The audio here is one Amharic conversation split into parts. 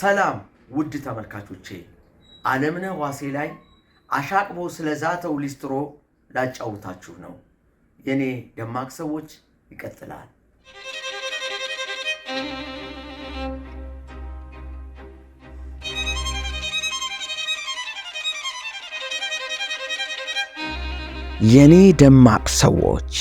ሰላም ውድ ተመልካቾቼ፣ አለምነህ ዋሴ ላይ አሻቅቦ ስለ ዛተው ሊስትሮ ላጫውታችሁ ነው። የኔ ደማቅ ሰዎች ይቀጥላል። የኔ ደማቅ ሰዎች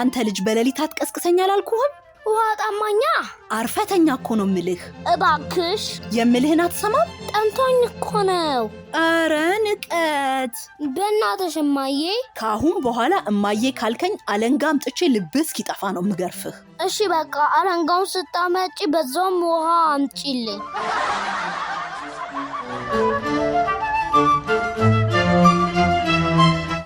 አንተ ልጅ በሌሊት አትቀስቅሰኝ አላልኩህም? ውሃ ጣማኛ አርፈተኛ እኮ ነው ምልህ። እባክሽ የምልህን አትሰማም? ጠንቶኝ እኮ ነው። ኧረ ንቀት! በእናትሽ እማዬ። ከአሁን በኋላ እማዬ ካልከኝ አለንጋ አምጥቼ ልብህ እስኪጠፋ ነው ምገርፍህ። እሺ በቃ አለንጋውን ስታመጪ በዛውም ውሃ አምጪልኝ።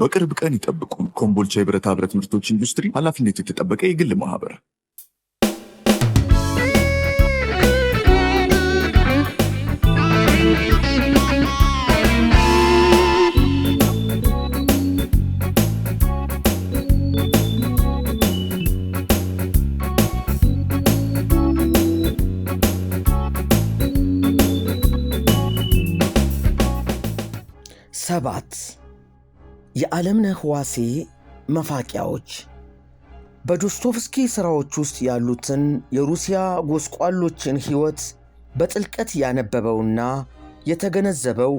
በቅርብ ቀን ይጠብቁ። ኮምቦልቻ የብረታ ብረት ምርቶች ኢንዱስትሪ ኃላፊነቱ የተጠበቀ የግል ማህበር ሰባት የዓለምነህ ዋሴ መፋቂያዎች በዶስቶቭስኪ ሥራዎች ውስጥ ያሉትን የሩሲያ ጎስቋሎችን ሕይወት በጥልቀት ያነበበውና የተገነዘበው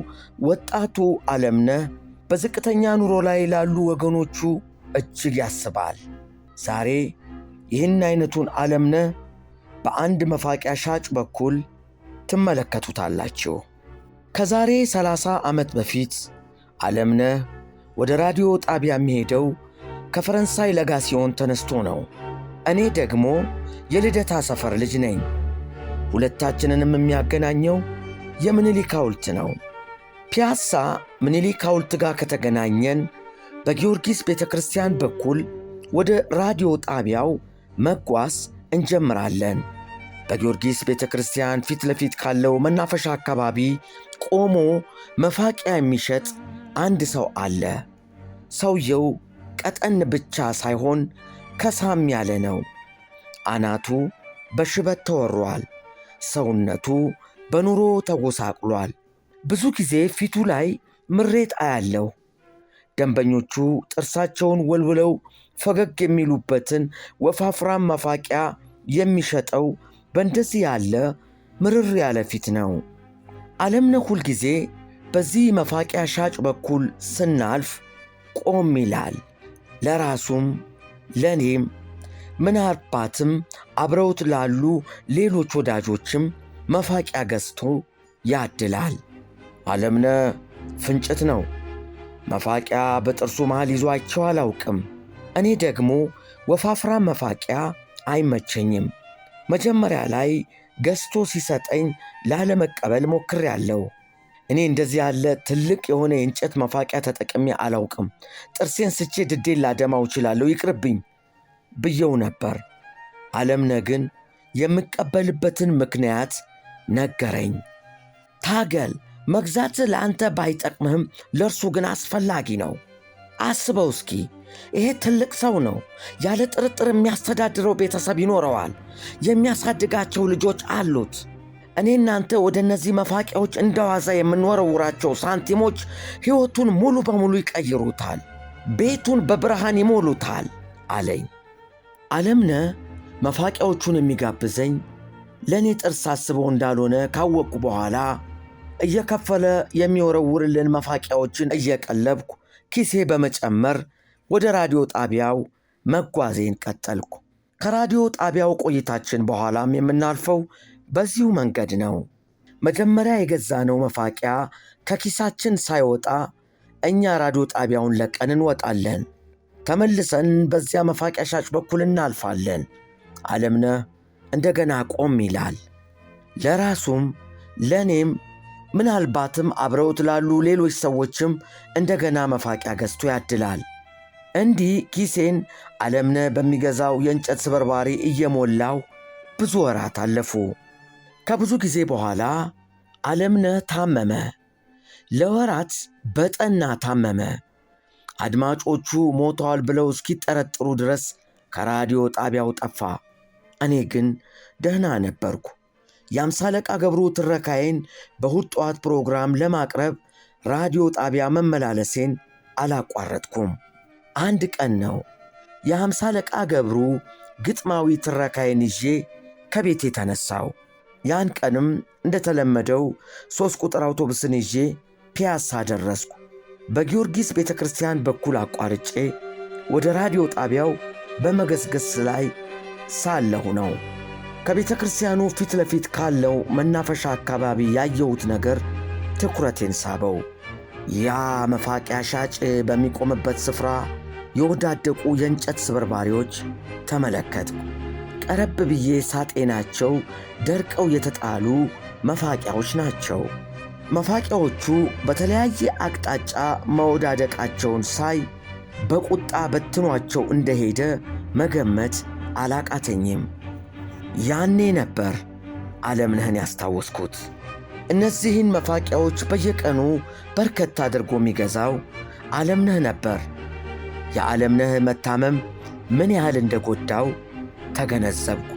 ወጣቱ ዓለምነህ በዝቅተኛ ኑሮ ላይ ላሉ ወገኖቹ እጅግ ያስባል። ዛሬ ይህን አይነቱን ዓለምነህ በአንድ መፋቂያ ሻጭ በኩል ትመለከቱታላችሁ። ከዛሬ 30 ዓመት በፊት ዓለምነህ ወደ ራዲዮ ጣቢያ የሚሄደው ከፈረንሳይ ለጋሲዮን ተነስቶ ነው። እኔ ደግሞ የልደታ ሰፈር ልጅ ነኝ። ሁለታችንንም የሚያገናኘው የምኒልክ ሐውልት ነው። ፒያሳ ምኒልክ ሐውልት ጋር ከተገናኘን በጊዮርጊስ ቤተ ክርስቲያን በኩል ወደ ራዲዮ ጣቢያው መጓዝ እንጀምራለን። በጊዮርጊስ ቤተ ክርስቲያን ፊት ለፊት ካለው መናፈሻ አካባቢ ቆሞ መፋቂያ የሚሸጥ አንድ ሰው አለ። ሰውየው ቀጠን ብቻ ሳይሆን ከሳም ያለ ነው። አናቱ በሽበት ተወሯል። ሰውነቱ በኑሮ ተጎሳቅሏል። ብዙ ጊዜ ፊቱ ላይ ምሬት አያለሁ። ደንበኞቹ ጥርሳቸውን ወልውለው ፈገግ የሚሉበትን ወፋፍራም ማፋቂያ የሚሸጠው በእንደዚህ ያለ ምርር ያለ ፊት ነው። ዓለምነህ ሁልጊዜ በዚህ መፋቂያ ሻጭ በኩል ስናልፍ ቆም ይላል። ለራሱም ለእኔም ምናልባትም አብረውት ላሉ ሌሎች ወዳጆችም መፋቂያ ገዝቶ ያድላል። አለምነ ፍንጭት ነው። መፋቂያ በጥርሱ መሃል ይዟቸው አላውቅም። እኔ ደግሞ ወፋፍራም መፋቂያ አይመቸኝም። መጀመሪያ ላይ ገዝቶ ሲሰጠኝ ላለመቀበል ያለው። እኔ እንደዚህ ያለ ትልቅ የሆነ የእንጨት መፋቂያ ተጠቅሜ አላውቅም። ጥርሴን ስቼ ድዴን ላደማው እችላለሁ፣ ይቅርብኝ ብየው ነበር። አለምነ ግን የምቀበልበትን ምክንያት ነገረኝ። ታገል፣ መግዛት ለአንተ ባይጠቅምህም ለእርሱ ግን አስፈላጊ ነው። አስበው እስኪ ይሄ ትልቅ ሰው ነው። ያለ ጥርጥር የሚያስተዳድረው ቤተሰብ ይኖረዋል። የሚያሳድጋቸው ልጆች አሉት። እኔ እናንተ ወደ እነዚህ መፋቂያዎች እንደዋዛ የምንወረውራቸው ሳንቲሞች ሕይወቱን ሙሉ በሙሉ ይቀይሩታል፣ ቤቱን በብርሃን ይሞሉታል አለኝ። አለምነ መፋቂያዎቹን የሚጋብዘኝ ለእኔ ጥርስ አስበው እንዳልሆነ ካወቅኩ በኋላ እየከፈለ የሚወረውርልን መፋቂያዎችን እየቀለብኩ ኪሴ በመጨመር ወደ ራዲዮ ጣቢያው መጓዜን ቀጠልኩ። ከራዲዮ ጣቢያው ቆይታችን በኋላም የምናልፈው በዚሁ መንገድ ነው። መጀመሪያ የገዛነው መፋቂያ ከኪሳችን ሳይወጣ እኛ ራዲዮ ጣቢያውን ለቀን እንወጣለን። ተመልሰን በዚያ መፋቂያ ሻጭ በኩል እናልፋለን። ዓለምነህ እንደገና ቆም ይላል። ለራሱም ለእኔም ምናልባትም አብረውት ላሉ ሌሎች ሰዎችም እንደገና መፋቂያ ገዝቶ ያድላል። እንዲህ ኪሴን ዓለምነህ በሚገዛው የእንጨት ስበርባሪ እየሞላው ብዙ ወራት አለፉ። ከብዙ ጊዜ በኋላ ዓለምነህ ታመመ። ለወራት በጠና ታመመ። አድማጮቹ ሞተዋል ብለው እስኪጠረጥሩ ድረስ ከራዲዮ ጣቢያው ጠፋ። እኔ ግን ደህና ነበርኩ። የአምሳ አለቃ ገብሩ ትረካዬን በእሁድ ጠዋት ፕሮግራም ለማቅረብ ራዲዮ ጣቢያ መመላለሴን አላቋረጥኩም። አንድ ቀን ነው የአምሳ አለቃ ገብሩ ግጥማዊ ትረካዬን ይዤ ከቤቴ ተነሳው። ያን ቀንም እንደተለመደው ሦስት ቁጥር አውቶቡስን ይዤ ፒያሳ ደረስኩ። በጊዮርጊስ ቤተ ክርስቲያን በኩል አቋርጬ ወደ ራዲዮ ጣቢያው በመገስገስ ላይ ሳለሁ ነው ከቤተ ክርስቲያኑ ፊት ለፊት ካለው መናፈሻ አካባቢ ያየሁት ነገር ትኩረቴን ሳበው። ያ መፋቂያ ሻጭ በሚቆምበት ስፍራ የወዳደቁ የእንጨት ስብርባሪዎች ተመለከትኩ። ቀረብ ብዬ ሳጤናቸው ደርቀው የተጣሉ መፋቂያዎች ናቸው። መፋቂያዎቹ በተለያየ አቅጣጫ መወዳደቃቸውን ሳይ በቁጣ በትኗቸው እንደሄደ መገመት አላቃተኝም። ያኔ ነበር ዓለምነህን ያስታወስኩት። እነዚህን መፋቂያዎች በየቀኑ በርከት አድርጎ የሚገዛው ዓለምነህ ነበር። የዓለምነህ መታመም ምን ያህል እንደጎዳው ተገነዘብኩ።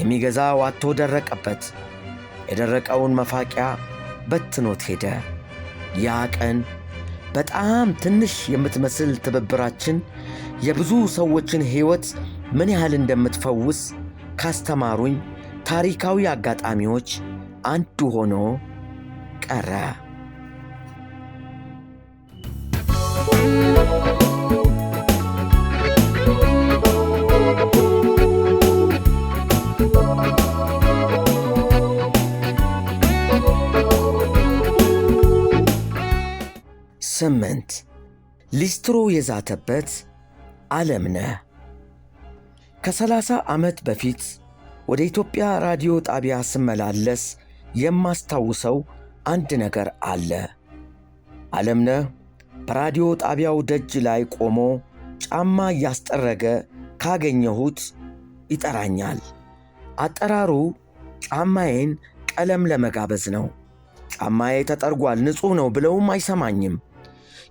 የሚገዛ ዋቶ ደረቀበት። የደረቀውን መፋቂያ በትኖት ሄደ። ያ ቀን በጣም ትንሽ የምትመስል ትብብራችን የብዙ ሰዎችን ሕይወት ምን ያህል እንደምትፈውስ ካስተማሩኝ ታሪካዊ አጋጣሚዎች አንዱ ሆኖ ቀረ። ስምንት ሊስትሮ የዛተበት ዓለምነህ ከሰላሳ ዓመት በፊት ወደ ኢትዮጵያ ራዲዮ ጣቢያ ስመላለስ የማስታውሰው አንድ ነገር አለ። ዓለምነህ በራዲዮ ጣቢያው ደጅ ላይ ቆሞ ጫማ እያስጠረገ ካገኘሁት ይጠራኛል። አጠራሩ ጫማዬን ቀለም ለመጋበዝ ነው። ጫማዬ ተጠርጓል፣ ንጹሕ ነው ብለውም አይሰማኝም።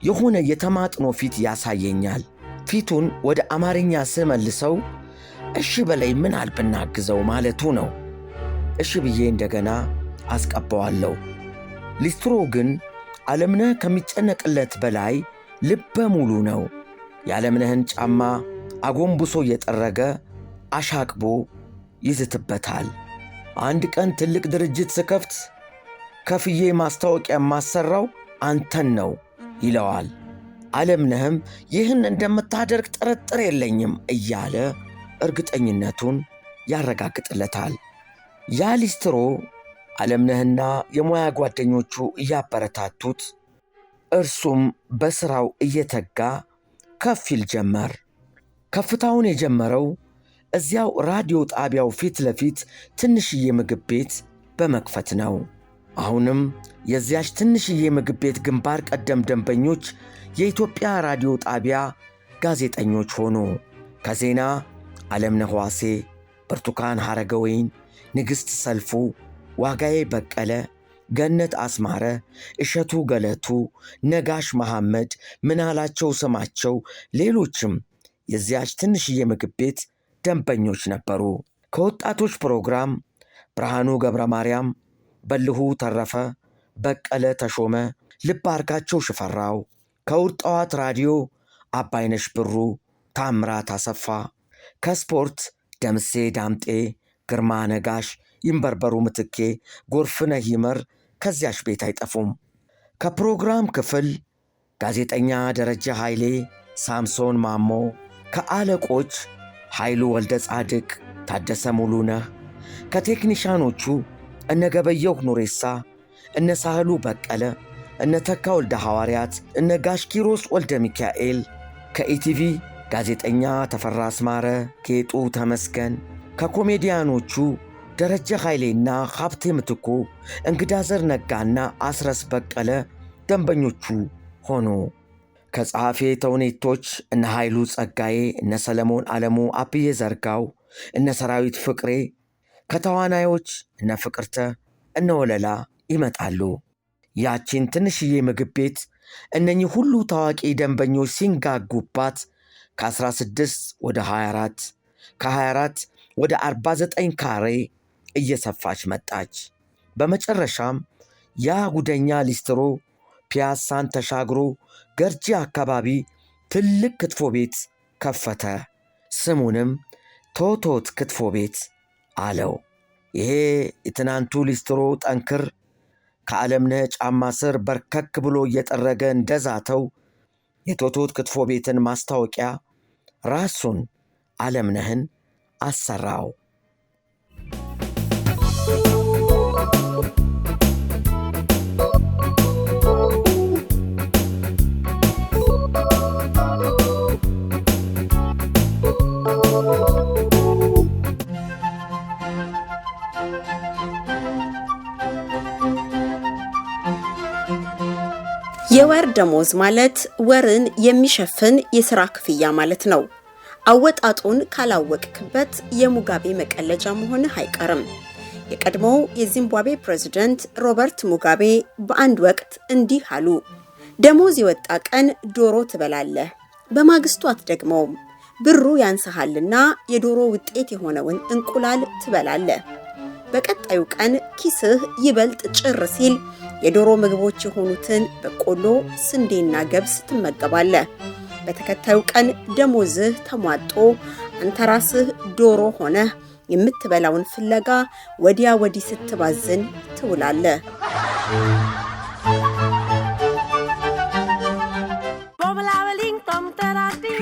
የሆነ የተማጥኖ ፊት ያሳየኛል። ፊቱን ወደ አማርኛ ስመልሰው እሺ በላይ ምን አልብናግዘው ማለቱ ነው። እሺ ብዬ እንደገና አስቀባዋለሁ። ሊስትሮ ግን ዓለምነህ ከሚጨነቅለት በላይ ልበ ሙሉ ነው። የዓለምነህን ጫማ አጎንብሶ እየጠረገ አሻቅቦ ይዝትበታል። አንድ ቀን ትልቅ ድርጅት ስከፍት ከፍዬ ማስታወቂያ የማሰራው አንተን ነው ይለዋል። አለምነህም ይህን እንደምታደርግ ጥርጥር የለኝም እያለ እርግጠኝነቱን ያረጋግጥለታል። ያ ሊስትሮ አለምነህና የሙያ ጓደኞቹ እያበረታቱት፣ እርሱም በሥራው እየተጋ ከፍ ይል ጀመር። ከፍታውን የጀመረው እዚያው ራዲዮ ጣቢያው ፊት ለፊት ትንሽዬ ምግብ ቤት በመክፈት ነው። አሁንም የዚያች ትንሽዬ ምግብ ቤት ግንባር ቀደም ደንበኞች የኢትዮጵያ ራዲዮ ጣቢያ ጋዜጠኞች ሆኑ። ከዜና ዓለምነህ ዋሴ፣ ብርቱካን ሐረገወይን፣ ንግሥት ሰልፉ፣ ዋጋዬ በቀለ፣ ገነት አስማረ፣ እሸቱ ገለቱ፣ ነጋሽ መሐመድ፣ ምናላቸው ስማቸው፣ ሌሎችም የዚያች ትንሽዬ ምግብ ቤት ደንበኞች ነበሩ። ከወጣቶች ፕሮግራም ብርሃኑ ገብረ ማርያም በልሁ ተረፈ፣ በቀለ ተሾመ፣ ልብ አርጋቸው ሽፈራው፣ ከውርጣዋት ጠዋት ራዲዮ አባይነሽ ብሩ፣ ታምራት አሰፋ፣ ከስፖርት ደምሴ ዳምጤ፣ ግርማ ነጋሽ፣ ይንበርበሩ ምትኬ፣ ጎርፍነ ሂመር ከዚያሽ ቤት አይጠፉም። ከፕሮግራም ክፍል ጋዜጠኛ ደረጀ ኃይሌ፣ ሳምሶን ማሞ፣ ከአለቆች ኃይሉ ወልደ ጻድቅ፣ ታደሰ ሙሉነህ ከቴክኒሻኖቹ እነ ገበየሁ ኑሬሳ፣ እነ ሳህሉ በቀለ፣ እነ ተካ ወልደ ሐዋርያት፣ እነ ጋሽ ኪሮስ ወልደ ሚካኤል፣ ከኢቲቪ ጋዜጠኛ ተፈራ አስማረ፣ ጌጡ ተመስገን፣ ከኮሜዲያኖቹ ደረጀ ኃይሌና ሀብቴ ምትኮ፣ ዘር ነጋና አስረስ በቀለ ደንበኞቹ ሆኑ። ከጸሐፌ ተውኔቶች እነ ኃይሉ ጸጋዬ፣ እነ ሰለሞን ዓለሙ፣ አብዬ ዘርጋው፣ እነ ሰራዊት ፍቅሬ ከተዋናዮች እነ ፍቅርተ እነ ወለላ ይመጣሉ። ያቺን ትንሽዬ ምግብ ቤት እነኚህ ሁሉ ታዋቂ ደንበኞች ሲንጋጉባት ከ16 ወደ 24 ከ24 ወደ 49 ካሬ እየሰፋች መጣች። በመጨረሻም ያ ጉደኛ ሊስትሮ ፒያሳን ተሻግሮ ገርጂ አካባቢ ትልቅ ክትፎ ቤት ከፈተ። ስሙንም ቶቶት ክትፎ ቤት አለው። ይሄ የትናንቱ ሊስትሮ ጠንክር ከዓለምነህ ጫማ ስር በርከክ ብሎ እየጠረገ እንደዛተው የቶቶት ክትፎ ቤትን ማስታወቂያ ራሱን ዓለምነህን አሰራው። የወር ደሞዝ ማለት ወርን የሚሸፍን የሥራ ክፍያ ማለት ነው። አወጣጡን ካላወቅክበት የሙጋቤ መቀለጃ መሆንህ አይቀርም። የቀድሞው የዚምባብዌ ፕሬዝደንት ሮበርት ሙጋቤ በአንድ ወቅት እንዲህ አሉ። ደሞዝ የወጣ ቀን ዶሮ ትበላለህ፣ በማግስቱ አትደግመውም። ብሩ ያንሰሃልና የዶሮ ውጤት የሆነውን እንቁላል ትበላለህ። በቀጣዩ ቀን ኪስህ ይበልጥ ጭር ሲል የዶሮ ምግቦች የሆኑትን በቆሎ፣ ስንዴና ገብስ ትመገባለ። በተከታዩ ቀን ደሞዝህ ተሟጦ አንተ ራስህ ዶሮ ሆነ የምትበላውን ፍለጋ ወዲያ ወዲህ ስትባዝን ትውላለህ።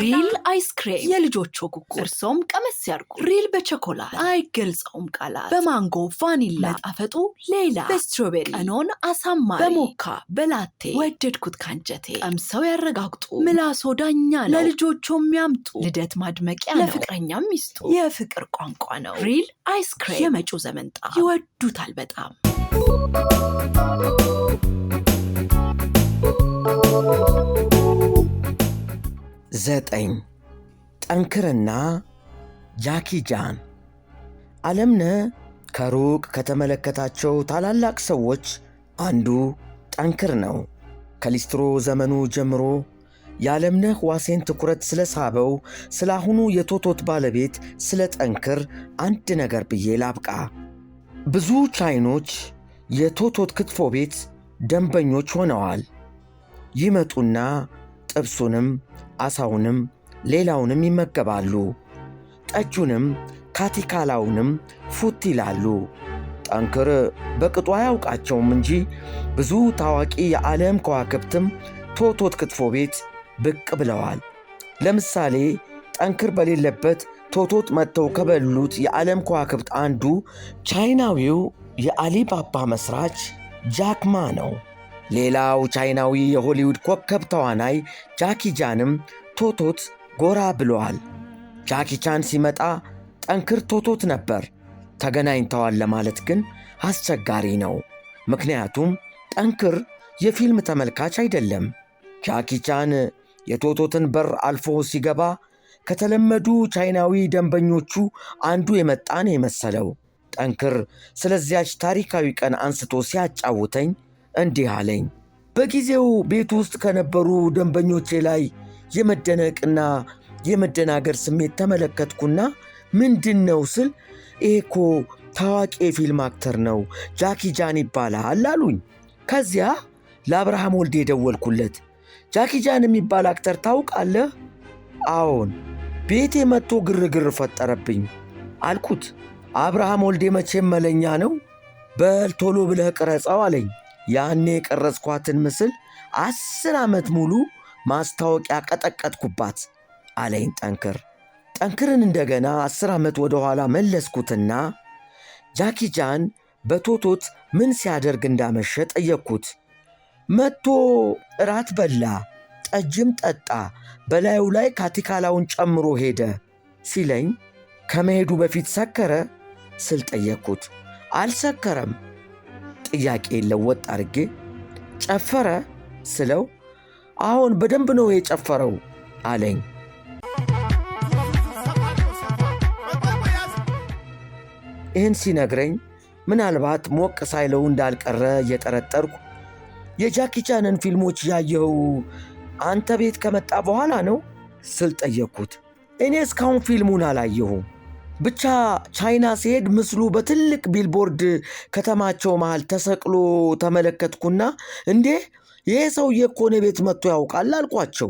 ሪል አይስክሬም የልጆቹ ኩኩ፣ እርሶም ቀመስ ያድርጉ። ሪል በቸኮላት አይገልጸውም ቃላት፣ በማንጎ ቫኒላ ጣፈጡ ሌላ፣ በስትሮቤሪ ቀኖን አሳማሪ፣ በሞካ በላቴ ወደድኩት ካንጀቴ። ቀምሰው ያረጋግጡ፣ ምላሶ ዳኛ ነው። ለልጆቹ የሚያምጡ ልደት ማድመቂያ ነው፣ ለፍቅረኛም ሚስጡ የፍቅር ቋንቋ ነው። ሪል አይስክሬም የመጪው ዘመን ጣ ይወዱታል በጣም። Thank you. ዘጠኝ ጠንክርና ጃኪ ጃን ከሩቅ ከተመለከታቸው ታላላቅ ሰዎች አንዱ ጠንክር ነው። ከሊስትሮ ዘመኑ ጀምሮ የዓለምነህ ዋሴን ትኩረት ስለ ሳበው ስለ አሁኑ የቶቶት ባለቤት ስለ ጠንክር አንድ ነገር ብዬ ላብቃ። ብዙ ቻይኖች የቶቶት ክትፎ ቤት ደንበኞች ሆነዋል። ይመጡና ጥብሱንም ዓሣውንም ሌላውንም ይመገባሉ። ጠጁንም ካቲካላውንም ፉት ይላሉ። ጠንክር በቅጡ አያውቃቸውም እንጂ ብዙ ታዋቂ የዓለም ከዋክብትም ቶቶት ክትፎ ቤት ብቅ ብለዋል። ለምሳሌ ጠንክር በሌለበት ቶቶት መጥተው ከበሉት የዓለም ከዋክብት አንዱ ቻይናዊው የአሊባባ መስራች ጃክማ ነው። ሌላው ቻይናዊ የሆሊውድ ኮከብ ተዋናይ ጃኪ ጃንም ቶቶት ጎራ ብለዋል። ጃኪ ቻን ሲመጣ ጠንክር ቶቶት ነበር፣ ተገናኝተዋል ለማለት ግን አስቸጋሪ ነው። ምክንያቱም ጠንክር የፊልም ተመልካች አይደለም። ጃኪ ቻን የቶቶትን በር አልፎ ሲገባ ከተለመዱ ቻይናዊ ደንበኞቹ አንዱ የመጣ ነው የመሰለው። ጠንክር ስለዚያች ታሪካዊ ቀን አንስቶ ሲያጫውተኝ እንዲህ አለኝ። በጊዜው ቤት ውስጥ ከነበሩ ደንበኞቼ ላይ የመደነቅና የመደናገር ስሜት ተመለከትኩና ምንድን ነው ስል ይሄ እኮ ታዋቂ የፊልም አክተር ነው ጃኪ ጃን ይባላል አሉኝ። ከዚያ ለአብርሃም ወልዴ የደወልኩለት ጃኪ ጃን የሚባል አክተር ታውቃለህ? አዎን፣ ቤቴ መጥቶ ግርግር ፈጠረብኝ አልኩት። አብርሃም ወልዴ መቼም መለኛ ነው፣ በል ቶሎ ብለህ ቅረጸው አለኝ። ያኔ የቀረጽኳትን ምስል አስር ዓመት ሙሉ ማስታወቂያ ቀጠቀጥኩባት አለኝ ጠንክር። ጠንክርን እንደገና አስር ዓመት ወደ ኋላ መለስኩትና ጃኪ ጃን በቶቶት ምን ሲያደርግ እንዳመሸ ጠየቅኩት። መጥቶ እራት በላ፣ ጠጅም ጠጣ፣ በላዩ ላይ ካቲካላውን ጨምሮ ሄደ ሲለኝ ከመሄዱ በፊት ሰከረ ስል ጠየቅኩት። አልሰከረም ጥያቄ ለወጥ አድርጌ ጨፈረ ስለው አሁን በደንብ ነው የጨፈረው አለኝ። ይህን ሲነግረኝ ምናልባት ሞቅ ሳይለው እንዳልቀረ እየጠረጠርኩ የጃኪቻንን ፊልሞች ያየኸው አንተ ቤት ከመጣ በኋላ ነው ስል ጠየቅኩት። እኔ እስካሁን ፊልሙን አላየሁም ብቻ ቻይና ሲሄድ ምስሉ በትልቅ ቢልቦርድ ከተማቸው መሃል ተሰቅሎ ተመለከትኩና እንዴ ይሄ ሰውዬ እኮ እኔ ቤት መጥቶ ያውቃል አልኳቸው።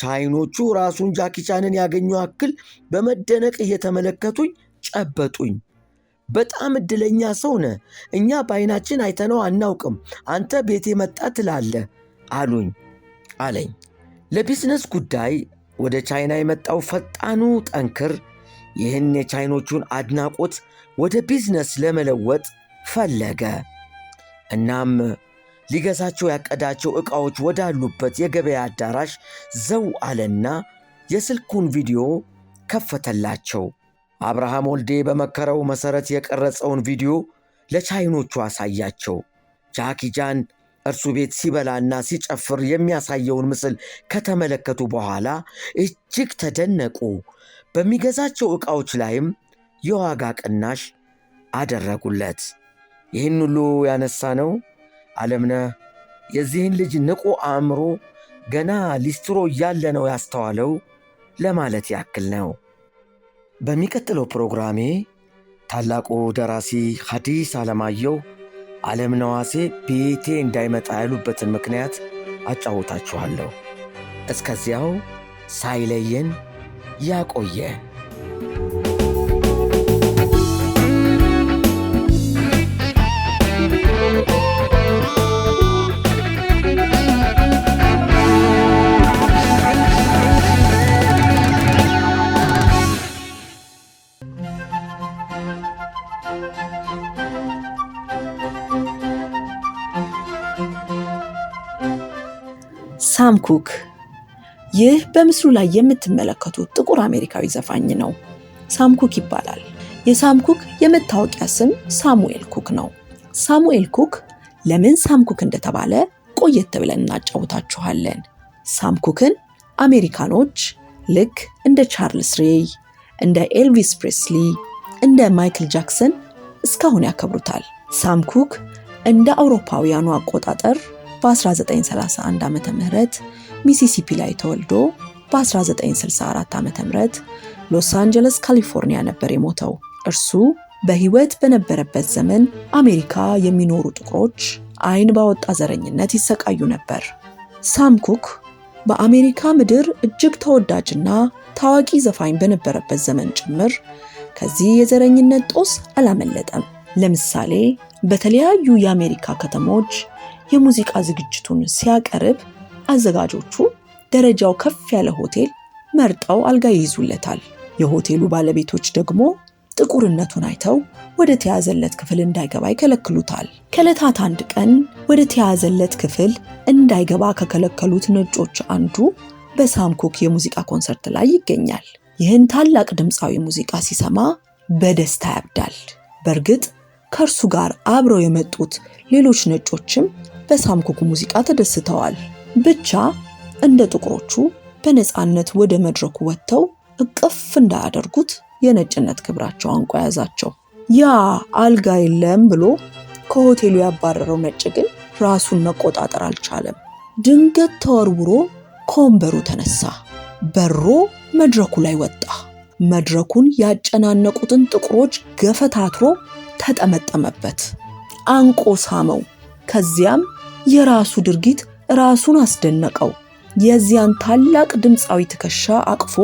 ቻይኖቹ ራሱን ጃኪቻንን ያገኙ አክል በመደነቅ እየተመለከቱኝ ጨበጡኝ። በጣም እድለኛ ሰው ነ እኛ በአይናችን አይተነው አናውቅም፣ አንተ ቤቴ መጣ ትላለ አሉኝ አለኝ። ለቢዝነስ ጉዳይ ወደ ቻይና የመጣው ፈጣኑ ጠንክር ይህን የቻይኖቹን አድናቆት ወደ ቢዝነስ ለመለወጥ ፈለገ። እናም ሊገዛቸው ያቀዳቸው ዕቃዎች ወዳሉበት የገበያ አዳራሽ ዘው አለና የስልኩን ቪዲዮ ከፈተላቸው። አብርሃም ወልዴ በመከረው መሠረት የቀረጸውን ቪዲዮ ለቻይኖቹ አሳያቸው። ጃኪጃን እርሱ ቤት ሲበላና ሲጨፍር የሚያሳየውን ምስል ከተመለከቱ በኋላ እጅግ ተደነቁ። በሚገዛቸው ዕቃዎች ላይም የዋጋ ቅናሽ አደረጉለት። ይህን ሁሉ ያነሳ ነው ዓለምነህ የዚህን ልጅ ንቁ አእምሮ ገና ሊስትሮ እያለ ነው ያስተዋለው ለማለት ያክል ነው። በሚቀጥለው ፕሮግራሜ ታላቁ ደራሲ ሐዲስ ዓለማየሁ ዓለምነህ ዋሴ ቤቴ እንዳይመጣ ያሉበትን ምክንያት አጫውታችኋለሁ። እስከዚያው ሳይለየን ያቆየ። Sam Cook ይህ በምስሉ ላይ የምትመለከቱት ጥቁር አሜሪካዊ ዘፋኝ ነው። ሳምኩክ ይባላል። የሳምኩክ የመታወቂያ ስም ሳሙኤል ኩክ ነው። ሳሙኤል ኩክ ለምን ሳምኩክ እንደተባለ ቆየት ብለን እናጫውታችኋለን። ሳምኩክን አሜሪካኖች ልክ እንደ ቻርልስ ሬይ፣ እንደ ኤልቪስ ፕሬስሊ፣ እንደ ማይክል ጃክሰን እስካሁን ያከብሩታል። ሳምኩክ እንደ አውሮፓውያኑ አቆጣጠር በ1931 ም ሚሲሲፒ ላይ ተወልዶ በ1964 ዓ.ም ሎስ አንጀለስ ካሊፎርኒያ ነበር የሞተው። እርሱ በሕይወት በነበረበት ዘመን አሜሪካ የሚኖሩ ጥቁሮች ዓይን ባወጣ ዘረኝነት ይሰቃዩ ነበር። ሳም ኩክ በአሜሪካ ምድር እጅግ ተወዳጅና ታዋቂ ዘፋኝ በነበረበት ዘመን ጭምር ከዚህ የዘረኝነት ጦስ አላመለጠም። ለምሳሌ በተለያዩ የአሜሪካ ከተሞች የሙዚቃ ዝግጅቱን ሲያቀርብ አዘጋጆቹ ደረጃው ከፍ ያለ ሆቴል መርጠው አልጋ ይይዙለታል። የሆቴሉ ባለቤቶች ደግሞ ጥቁርነቱን አይተው ወደ ተያዘለት ክፍል እንዳይገባ ይከለክሉታል። ከዕለታት አንድ ቀን ወደ ተያዘለት ክፍል እንዳይገባ ከከለከሉት ነጮች አንዱ በሳምኮክ የሙዚቃ ኮንሰርት ላይ ይገኛል። ይህን ታላቅ ድምፃዊ ሙዚቃ ሲሰማ በደስታ ያብዳል። በእርግጥ ከእርሱ ጋር አብረው የመጡት ሌሎች ነጮችም በሳምኮክ ሙዚቃ ተደስተዋል። ብቻ እንደ ጥቁሮቹ በነፃነት ወደ መድረኩ ወጥተው እቅፍ እንዳያደርጉት የነጭነት ክብራቸው አንቆ ያዛቸው። ያ አልጋ የለም ብሎ ከሆቴሉ ያባረረው ነጭ ግን ራሱን መቆጣጠር አልቻለም። ድንገት ተወርውሮ ከወንበሩ ተነሳ፣ በሮ መድረኩ ላይ ወጣ። መድረኩን ያጨናነቁትን ጥቁሮች ገፈታትሮ ተጠመጠመበት፣ አንቆ ሳመው። ከዚያም የራሱ ድርጊት ራሱን አስደነቀው። የዚያን ታላቅ ድምፃዊ ትከሻ አቅፎ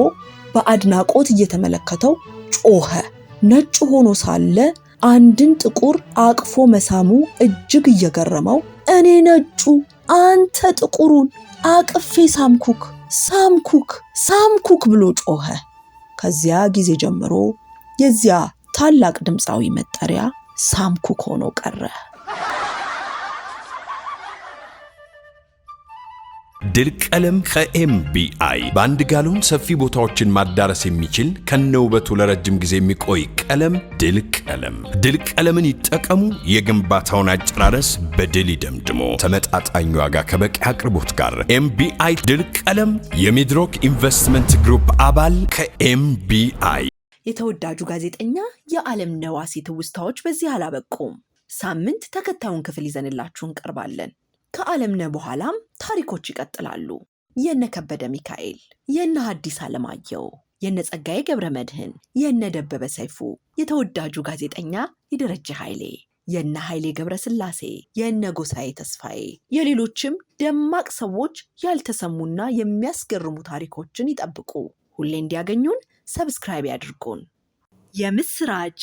በአድናቆት እየተመለከተው ጮኸ። ነጭ ሆኖ ሳለ አንድን ጥቁር አቅፎ መሳሙ እጅግ እየገረመው እኔ ነጩ አንተ ጥቁሩን አቅፌ ሳምኩክ ሳምኩክ ሳምኩክ ብሎ ጮኸ። ከዚያ ጊዜ ጀምሮ የዚያ ታላቅ ድምፃዊ መጠሪያ ሳምኩክ ሆኖ ቀረ። ድል ቀለም ከኤምቢአይ በአንድ ጋሎን ሰፊ ቦታዎችን ማዳረስ የሚችል ከነውበቱ ለረጅም ጊዜ የሚቆይ ቀለም ድል ቀለም። ድል ቀለምን ይጠቀሙ። የግንባታውን አጨራረስ በድል ይደምድሞ። ተመጣጣኝ ዋጋ ከበቂ አቅርቦት ጋር ኤምቢአይ ድል ቀለም የሚድሮክ ኢንቨስትመንት ግሩፕ አባል ከኤምቢአይ የተወዳጁ ጋዜጠኛ የዓለም ነዋሴ ትውስታዎች በዚህ አላበቁም። ሳምንት ተከታዩን ክፍል ይዘንላችሁ እንቀርባለን። ከዓለምነ በኋላም ታሪኮች ይቀጥላሉ። የነ ከበደ ሚካኤል፣ የነ ሐዲስ ዓለማየሁ፣ የነ ጸጋዬ ገብረ መድህን፣ የነ ደበበ ሰይፉ፣ የተወዳጁ ጋዜጠኛ የደረጀ ኃይሌ፣ የነ ኃይሌ ገብረ ስላሴ የነ ጎሳዬ ተስፋዬ፣ የሌሎችም ደማቅ ሰዎች ያልተሰሙና የሚያስገርሙ ታሪኮችን ይጠብቁ። ሁሌ እንዲያገኙን ሰብስክራይብ ያድርጉን። የምስራች